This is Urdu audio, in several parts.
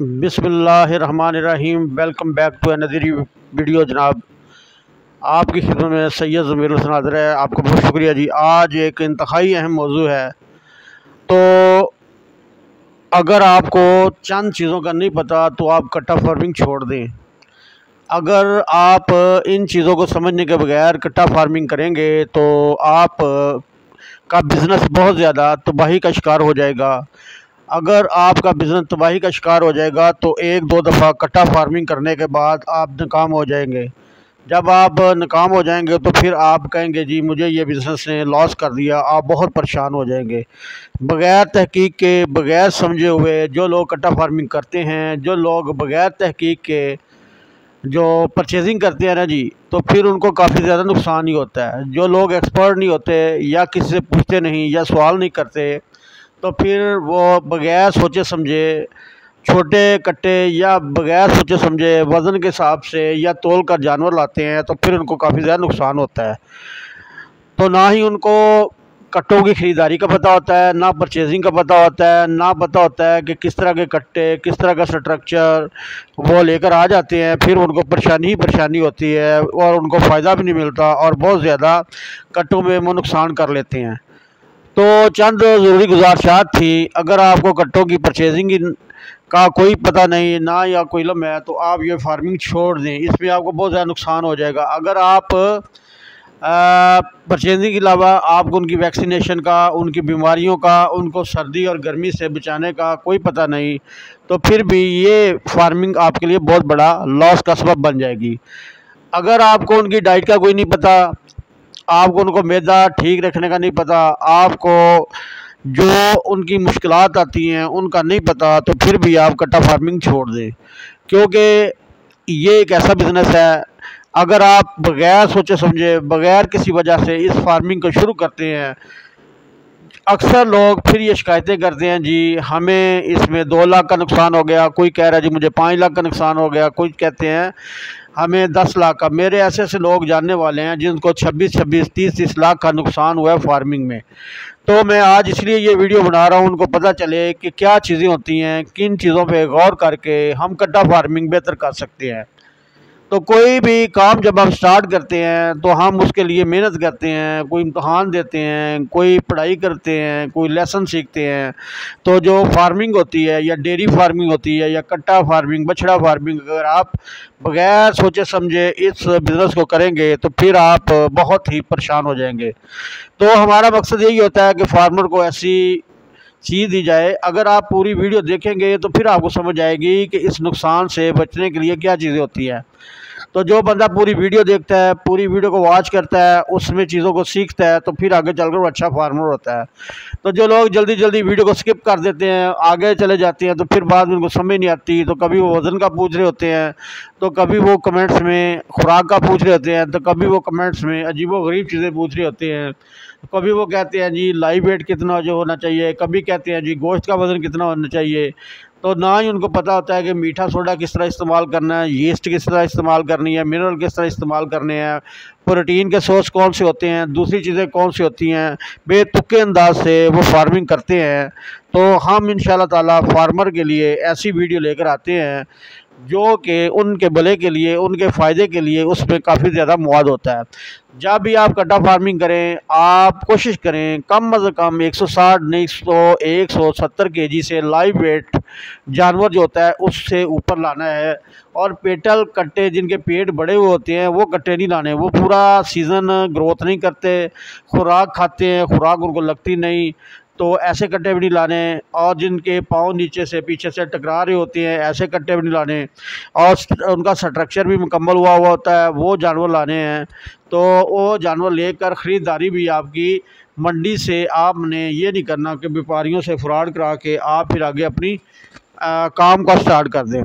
بسم اللہ الرحمن الرحیم welcome back to a video جناب آپ کی خدمت میں سید حاضر ہے آپ کا بہت شکریہ جی آج ایک انتہائی اہم موضوع ہے تو اگر آپ کو چند چیزوں کا نہیں پتہ تو آپ کٹا فارمنگ چھوڑ دیں اگر آپ ان چیزوں کو سمجھنے کے بغیر کٹا فارمنگ کریں گے تو آپ کا بزنس بہت زیادہ تباہی کا شکار ہو جائے گا اگر آپ کا بزنس تباہی کا شکار ہو جائے گا تو ایک دو دفعہ کٹا فارمنگ کرنے کے بعد آپ ناکام ہو جائیں گے جب آپ ناکام ہو جائیں گے تو پھر آپ کہیں گے جی مجھے یہ بزنس نے لاس کر دیا آپ بہت پریشان ہو جائیں گے بغیر تحقیق کے بغیر سمجھے ہوئے جو لوگ کٹا فارمنگ کرتے ہیں جو لوگ بغیر تحقیق کے جو پرچیزنگ کرتے ہیں نا جی تو پھر ان کو کافی زیادہ نقصان ہی ہوتا ہے جو لوگ ایکسپرٹ نہیں ہوتے یا کسی سے پوچھتے نہیں یا سوال نہیں کرتے تو پھر وہ بغیر سوچے سمجھے چھوٹے کٹے یا بغیر سوچے سمجھے وزن کے حساب سے یا تول کر جانور لاتے ہیں تو پھر ان کو کافی زیادہ نقصان ہوتا ہے تو نہ ہی ان کو کٹوں کی خریداری کا پتہ ہوتا ہے نہ پرچیزنگ کا پتہ ہوتا ہے نہ پتہ ہوتا ہے کہ کس طرح کے کٹے کس طرح کا سٹرکچر وہ لے کر آ جاتے ہیں پھر ان کو پریشانی ہی پریشانی ہوتی ہے اور ان کو فائدہ بھی نہیں ملتا اور بہت زیادہ کٹوں میں وہ نقصان کر لیتے ہیں تو چند ضروری گزارشات تھی اگر آپ کو کٹوں کی پرچیزنگ کا کوئی پتہ نہیں نہ یا کوئی علم ہے تو آپ یہ فارمنگ چھوڑ دیں اس میں آپ کو بہت زیادہ نقصان ہو جائے گا اگر آپ پرچیزنگ کے علاوہ آپ کو ان کی ویکسینیشن کا ان کی بیماریوں کا ان کو سردی اور گرمی سے بچانے کا کوئی پتہ نہیں تو پھر بھی یہ فارمنگ آپ کے لیے بہت بڑا لاس کا سبب بن جائے گی اگر آپ کو ان کی ڈائٹ کا کوئی نہیں پتہ آپ کو ان کو میدا ٹھیک رکھنے کا نہیں پتہ آپ کو جو ان کی مشکلات آتی ہیں ان کا نہیں پتہ تو پھر بھی آپ کٹا فارمنگ چھوڑ دیں کیونکہ یہ ایک ایسا بزنس ہے اگر آپ بغیر سوچے سمجھے بغیر کسی وجہ سے اس فارمنگ کو شروع کرتے ہیں اکثر لوگ پھر یہ شکایتیں کرتے ہیں جی ہمیں اس میں دو لاکھ کا نقصان ہو گیا کوئی کہہ رہا ہے جی مجھے پانچ لاکھ کا نقصان ہو گیا کوئی کہتے ہیں ہمیں دس لاکھ کا میرے ایسے ایسے لوگ جاننے والے ہیں جن کو چھبیس چھبیس تیس تیس لاکھ کا نقصان ہوا ہے فارمنگ میں تو میں آج اس لیے یہ ویڈیو بنا رہا ہوں ان کو پتہ چلے کہ کیا چیزیں ہوتی ہیں کن چیزوں پہ غور کر کے ہم کٹا فارمنگ بہتر کر سکتے ہیں تو کوئی بھی کام جب ہم سٹارٹ کرتے ہیں تو ہم اس کے لیے محنت کرتے ہیں کوئی امتحان دیتے ہیں کوئی پڑھائی کرتے ہیں کوئی لیسن سیکھتے ہیں تو جو فارمنگ ہوتی ہے یا ڈیری فارمنگ ہوتی ہے یا کٹا فارمنگ بچھڑا فارمنگ اگر آپ بغیر سوچے سمجھے اس بزنس کو کریں گے تو پھر آپ بہت ہی پریشان ہو جائیں گے تو ہمارا مقصد یہی ہوتا ہے کہ فارمر کو ایسی چیز دی جائے اگر آپ پوری ویڈیو دیکھیں گے تو پھر آپ کو سمجھ آئے گی کہ اس نقصان سے بچنے کے لیے کیا چیزیں ہوتی ہیں تو جو بندہ پوری ویڈیو دیکھتا ہے پوری ویڈیو کو واچ کرتا ہے اس میں چیزوں کو سیکھتا ہے تو پھر آگے چل کر وہ اچھا فارمر ہوتا ہے تو جو لوگ جلدی جلدی ویڈیو کو سکپ کر دیتے ہیں آگے چلے جاتے ہیں تو پھر بعد میں ان کو سمجھ نہیں آتی تو کبھی وہ وزن کا پوچھ رہے ہوتے ہیں تو کبھی وہ کمنٹس میں خوراک کا پوچھ رہے ہوتے ہیں تو کبھی وہ کمنٹس میں عجیب و غریب چیزیں پوچھ رہے ہوتے ہیں کبھی وہ کہتے ہیں جی لائی ویٹ کتنا جو ہونا چاہیے کبھی کہتے ہیں جی گوشت کا وزن کتنا ہونا چاہیے تو نہ ہی ان کو پتہ ہوتا ہے کہ میٹھا سوڈا کس طرح استعمال کرنا ہے یسٹ کس طرح استعمال کرنی ہے منرل کس طرح استعمال کرنے ہیں پروٹین کے سورس کون سے ہوتے ہیں دوسری چیزیں کون سی ہوتی ہیں بے تکے انداز سے وہ فارمنگ کرتے ہیں تو ہم ان شاء اللہ تعالیٰ فارمر کے لیے ایسی ویڈیو لے کر آتے ہیں جو کہ ان کے بلے کے لیے ان کے فائدے کے لیے اس میں کافی زیادہ مواد ہوتا ہے جب بھی آپ کٹا فارمنگ کریں آپ کوشش کریں کم از کم ایک سو ساٹھ ایک سو ایک سو ستر کے جی سے لائیو ویٹ جانور جو ہوتا ہے اس سے اوپر لانا ہے اور پیٹل کٹے جن کے پیٹ بڑے ہوئے ہوتے ہیں وہ کٹے نہیں لانے وہ پورا سیزن گروتھ نہیں کرتے خوراک کھاتے ہیں خوراک ان کو لگتی نہیں تو ایسے کٹے بھی نہیں لانے اور جن کے پاؤں نیچے سے پیچھے سے ٹکرا رہے ہوتے ہیں ایسے کٹے بھی نہیں لانے اور ان کا سٹرکچر بھی مکمل ہوا ہوا ہوتا ہے وہ جانور لانے ہیں تو وہ جانور لے کر خریداری بھی آپ کی منڈی سے آپ نے یہ نہیں کرنا کہ بیپاریوں سے فراڈ کرا کے آپ پھر آگے اپنی کام کا سٹارٹ کر دیں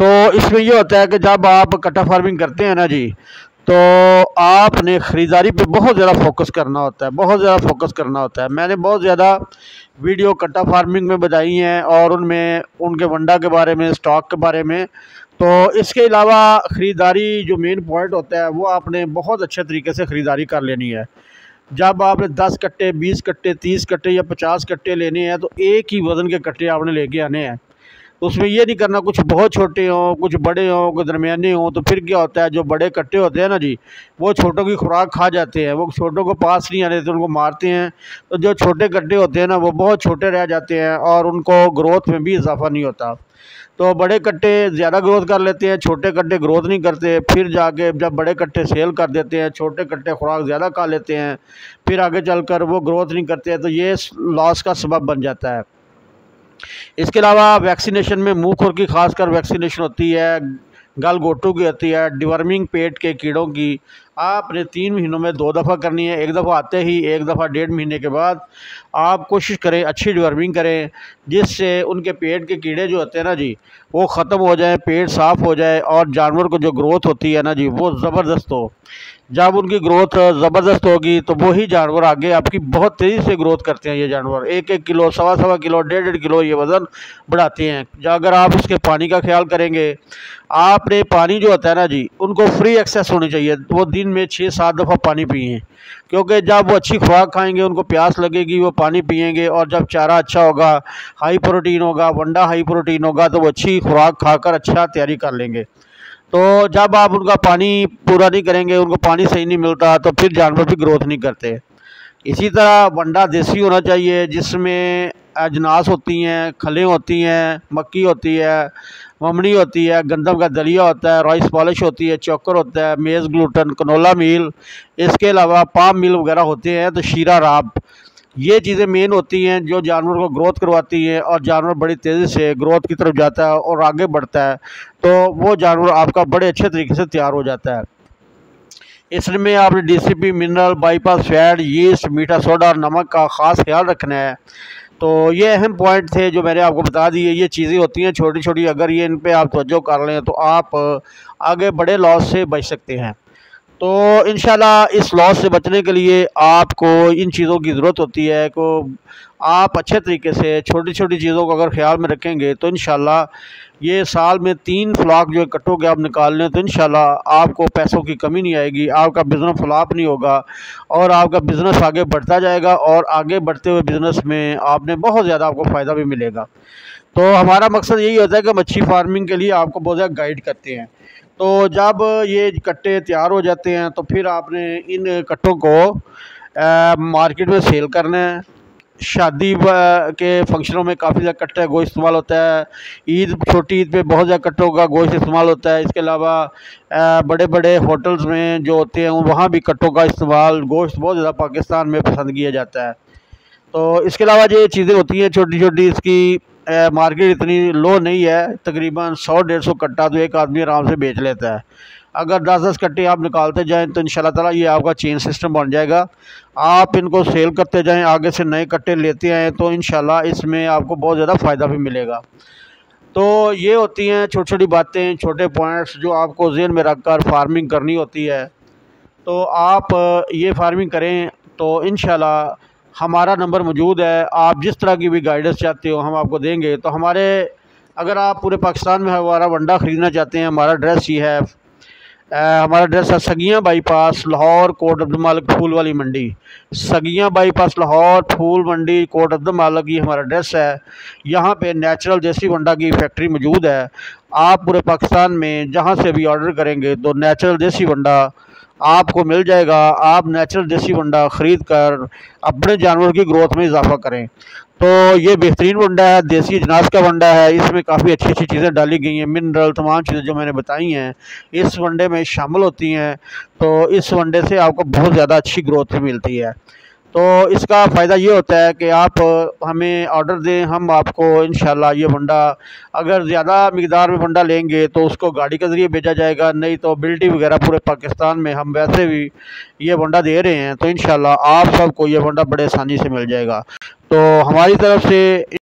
تو اس میں یہ ہوتا ہے کہ جب آپ کٹا فارمنگ کرتے ہیں نا جی تو آپ نے خریداری پہ بہت زیادہ فوکس کرنا ہوتا ہے بہت زیادہ فوکس کرنا ہوتا ہے میں نے بہت زیادہ ویڈیو کٹا فارمنگ میں بتائی ہیں اور ان میں ان کے ونڈا کے بارے میں سٹاک کے بارے میں تو اس کے علاوہ خریداری جو مین پوائنٹ ہوتا ہے وہ آپ نے بہت اچھے طریقے سے خریداری کر لینی ہے جب آپ نے دس کٹے بیس کٹے تیس کٹے یا پچاس کٹے لینے ہیں تو ایک ہی وزن کے کٹے آپ نے لے کے آنے ہیں اس میں یہ نہیں کرنا کچھ بہت چھوٹے ہوں کچھ بڑے ہوں کچھ درمیانی ہوں تو پھر کیا ہوتا ہے جو بڑے کٹے ہوتے ہیں نا جی وہ چھوٹوں کی خوراک کھا جاتے ہیں وہ چھوٹوں کو پاس نہیں آنے تو ان کو مارتے ہیں تو جو چھوٹے کٹے ہوتے ہیں نا وہ بہت چھوٹے رہ جاتے ہیں اور ان کو گروتھ میں بھی اضافہ نہیں ہوتا تو بڑے کٹے زیادہ گروتھ کر لیتے ہیں چھوٹے کٹے گروتھ نہیں کرتے پھر جا کے جب بڑے کٹے سیل کر دیتے ہیں چھوٹے کٹے خوراک زیادہ کھا لیتے ہیں پھر آگے چل کر وہ گروتھ نہیں کرتے تو یہ لاس کا سبب بن جاتا ہے اس کے علاوہ ویکسینیشن میں منہ کھور کی خاص کر ویکسینیشن ہوتی ہے گل گوٹو کی ہوتی ہے ڈیورمنگ پیٹ کے کیڑوں کی آپ نے تین مہینوں میں دو دفعہ کرنی ہے ایک دفعہ آتے ہی ایک دفعہ ڈیڑھ مہینے کے بعد آپ کوشش کریں اچھی ڈورمنگ کریں جس سے ان کے پیٹ کے کیڑے جو ہوتے ہیں نا جی وہ ختم ہو جائیں پیٹ صاف ہو جائے اور جانور کو جو گروتھ ہوتی ہے نا جی وہ زبردست ہو جب ان کی گروتھ زبردست ہوگی تو وہی جانور آگے آپ کی بہت تیزی سے گروتھ کرتے ہیں یہ جانور ایک ایک کلو سوا سوا کلو ڈیڑھ ڈیڑھ کلو یہ وزن بڑھاتے ہیں اگر آپ اس کے پانی کا خیال کریں گے آپ نے پانی جو ہوتا ہے نا جی ان کو فری ایکسیس ہونی چاہیے وہ دن دن میں چھ سات دفعہ پانی پئیں کیونکہ جب وہ اچھی خوراک کھائیں گے ان کو پیاس لگے گی وہ پانی پئیں گے اور جب چارہ اچھا ہوگا ہائی پروٹین ہوگا ونڈا ہائی پروٹین ہوگا تو وہ اچھی خوراک کھا کر اچھا تیاری کر لیں گے تو جب آپ ان کا پانی پورا نہیں کریں گے ان کو پانی صحیح نہیں ملتا تو پھر جانور بھی گروتھ نہیں کرتے اسی طرح ونڈا دیسی ہونا چاہیے جس میں اجناس ہوتی ہیں کھلیں ہوتی ہیں مکی ہوتی ہے ممنی ہوتی ہے گندم کا دلیا ہوتا ہے رائس پالش ہوتی ہے چوکر ہوتا ہے میز گلوٹن کنولا میل اس کے علاوہ پام میل وغیرہ ہوتے ہیں تو شیرہ راب یہ چیزیں مین ہوتی ہیں جو جانور کو گروتھ کرواتی ہیں اور جانور بڑی تیزی سے گروتھ کی طرف جاتا ہے اور آگے بڑھتا ہے تو وہ جانور آپ کا بڑے اچھے طریقے سے تیار ہو جاتا ہے اس میں آپ نے D C P mineral bypass fat yeast میٹھا سوڈا اور نمک کا خاص خیال رکھنا ہے تو یہ اہم پوائنٹ تھے جو میں نے آپ کو بتا دیے یہ چیزیں ہوتی ہیں چھوٹی چھوٹی اگر یہ ان پہ آپ توجہ کر لیں تو آپ آگے بڑے لاس سے بچ سکتے ہیں تو انشاءاللہ اس لاس سے بچنے کے لیے آپ کو ان چیزوں کی ضرورت ہوتی ہے کہ آپ اچھے طریقے سے چھوٹی چھوٹی چیزوں کو اگر خیال میں رکھیں گے تو انشاءاللہ یہ سال میں تین فلاک جو کٹو کے آپ نکال لیں تو انشاءاللہ آپ کو پیسوں کی کمی نہیں آئے گی آپ کا بزنس فلاپ نہیں ہوگا اور آپ کا بزنس آگے بڑھتا جائے گا اور آگے بڑھتے ہوئے بزنس میں آپ نے بہت زیادہ آپ کو فائدہ بھی ملے گا تو ہمارا مقصد یہی ہوتا ہے کہ مچھی فارمنگ کے لیے آپ کو بہت زیادہ گائیڈ کرتے ہیں تو جب یہ کٹے تیار ہو جاتے ہیں تو پھر آپ نے ان کٹوں کو مارکیٹ میں سیل کرنا ہے شادی کے فنکشنوں میں کافی زیادہ کٹے گوشت استعمال ہوتا ہے عید چھوٹی عید پہ بہت زیادہ کٹوں کا گوشت استعمال ہوتا ہے اس کے علاوہ بڑے بڑے ہوٹلز میں جو ہوتے ہیں وہاں بھی کٹوں کا استعمال گوشت بہت زیادہ پاکستان میں پسند کیا جاتا ہے تو اس کے علاوہ یہ چیزیں ہوتی ہیں چھوٹی چھوٹی اس کی مارکیٹ اتنی لو نہیں ہے تقریباً سو ڈیڑھ سو کٹا تو ایک آدمی آرام سے بیچ لیتا ہے اگر دس دس کٹے آپ نکالتے جائیں تو انشاءاللہ تعالی یہ آپ کا چین سسٹم بن جائے گا آپ ان کو سیل کرتے جائیں آگے سے نئے کٹے لیتے آئیں تو انشاءاللہ اس میں آپ کو بہت زیادہ فائدہ بھی ملے گا تو یہ ہوتی ہیں چھوٹی چھوٹی باتیں چھوٹے پوائنٹس جو آپ کو ذہن میں رکھ کر فارمنگ کرنی ہوتی ہے تو آپ یہ فارمنگ کریں تو انشاءاللہ ہمارا نمبر موجود ہے آپ جس طرح کی بھی گائیڈنس چاہتے ہو ہم آپ کو دیں گے تو ہمارے اگر آپ پورے پاکستان میں ہمارا ونڈا خریدنا چاہتے ہیں ہمارا ڈریس ہی ہے ہمارا ڈریس ہے سگیاں بائی پاس لاہور کوٹ عبد المالک پھول والی منڈی سگیاں بائی پاس لاہور پھول منڈی کوٹ عبد المالک یہ ہمارا ایڈریس ہے یہاں پہ نیچرل دیسی ونڈا کی فیکٹری موجود ہے آپ پورے پاکستان میں جہاں سے بھی آرڈر کریں گے تو نیچرل دیسی ونڈا آپ کو مل جائے گا آپ نیچرل دیسی ونڈا خرید کر اپنے جانور کی گروتھ میں اضافہ کریں تو یہ بہترین ونڈا ہے دیسی جناس کا ونڈا ہے اس میں کافی اچھی اچھی چیزیں ڈالی گئی ہیں منرل تمام چیزیں جو میں نے بتائی ہیں اس ونڈے میں شامل ہوتی ہیں تو اس ونڈے سے آپ کو بہت زیادہ اچھی گروتھ ملتی ہے تو اس کا فائدہ یہ ہوتا ہے کہ آپ ہمیں آرڈر دیں ہم آپ کو انشاءاللہ یہ ونڈا اگر زیادہ مقدار میں ونڈا لیں گے تو اس کو گاڑی کے ذریعے بھیجا جائے گا نہیں تو بلٹی وغیرہ پورے پاکستان میں ہم ویسے بھی یہ ونڈا دے رہے ہیں تو انشاءاللہ آپ سب کو یہ ونڈا بڑے آسانی سے مل جائے گا تو ہماری طرف سے